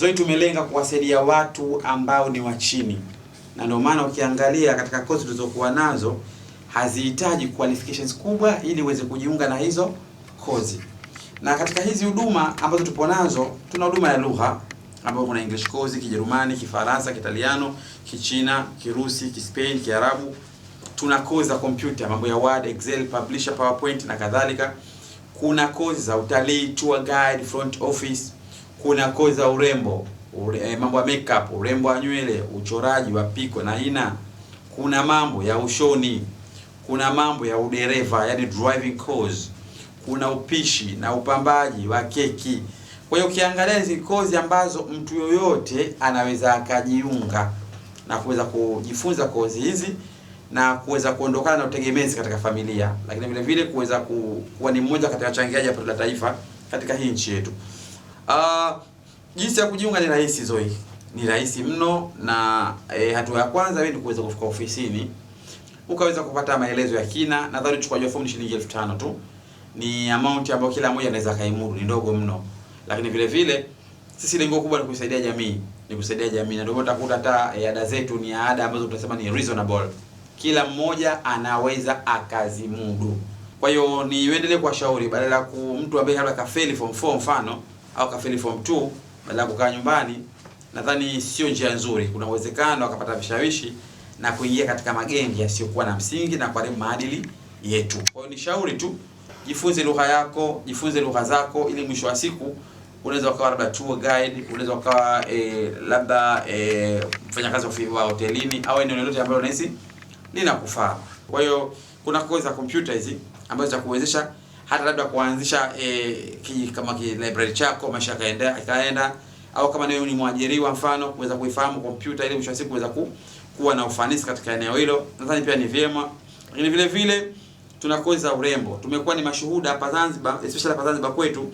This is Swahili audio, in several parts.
zote tumelenga kuwasaidia watu ambao ni wa chini, na ndio maana ukiangalia katika kozi tulizokuwa nazo hazihitaji qualifications kubwa ili uweze kujiunga na hizo kozi. Na katika hizi huduma ambazo tupo nazo, tuna huduma ya lugha ambapo kuna English course, Kijerumani, Kifaransa, Kitaliano, Kichina, Kirusi, Kispain, Kiarabu. Tuna kozi za kompyuta, mambo ya Word, Excel, Publisher, PowerPoint na kadhalika. Kuna kozi za utalii, tour guide, front office kuna kozi za urembo ure, eh, mambo ya makeup, urembo wa nywele, uchoraji wa piko na hina, kuna mambo ya ushoni, kuna mambo ya udereva, yani driving course, kuna upishi na upambaji wa keki. Kwa hiyo ukiangalia hizi kozi ambazo mtu yoyote anaweza akajiunga na kuweza kujifunza kozi hizi na kuweza kuondokana na utegemezi katika familia, lakini vile vile kuweza kuwa ni mmoja katika wachangiaji ya pato la taifa katika hii nchi yetu. Uh, jinsi ya kujiunga ni rahisi Zoi, ni rahisi mno na e, hatua ya kwanza wewe ni kuweza kufika ofisini ukaweza kupata maelezo ya kina. Nadhani chukua wa fomu ni shilingi elfu tano tu, ni amount ambayo kila mmoja anaweza kaimuru, ni ndogo mno, lakini vile vile sisi lengo kubwa ni kusaidia jamii, ni kusaidia jamii, na ndio maana utakuta hata eh, ada zetu ni ada ambazo tutasema ni reasonable, kila mmoja anaweza akazimudu. Kwa hiyo niendelee kuwashauri badala ya mtu ambaye labda kafeli form 4 mfano au kafeli form 2 badala kukaa nyumbani, nadhani sio njia nzuri. Kuna uwezekano akapata vishawishi na kuingia katika magenge yasiyokuwa na msingi na kuharibu maadili yetu. Kwa hiyo ni shauri tu, jifunze lugha yako, jifunze lugha zako, ili mwisho wa siku unaweza ukawa labda tour guide, unaweza ukawa e, labda e, mfanyakazi wa hotelini au eneo lolote ambalo unahisi linakufaa. Kwa hiyo kuna kozi za kompyuta hizi ambazo zitakuwezesha hata labda kuanzisha e, ki, kama ki library chako maisha kaenda ikaenda, au kama ni ni mwajiriwa mfano, kuweza kuifahamu kompyuta ili mwisho wa siku kuweza ku, kuwa na ufanisi katika eneo hilo, nadhani pia ni vyema. Lakini vile vile tuna kozi za urembo, tumekuwa ni mashuhuda hapa Zanzibar, especially hapa Zanzibar kwetu,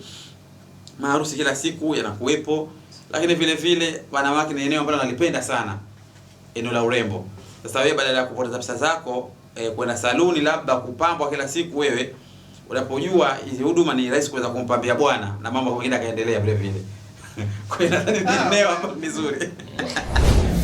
maharusi kila siku yanakuwepo, lakini vile vile wanawake ni eneo ambalo nalipenda sana, eneo la urembo. Sasa wewe badala ya kupoteza pesa zako e, kwenda saluni labda kupambwa kila siku wewe unapojua hizi huduma ni rahisi kuweza kumpambia Bwana na mambo mengine akaendelea vile vile. Kwa hiyo nadhani ni eneo hapa vizuri.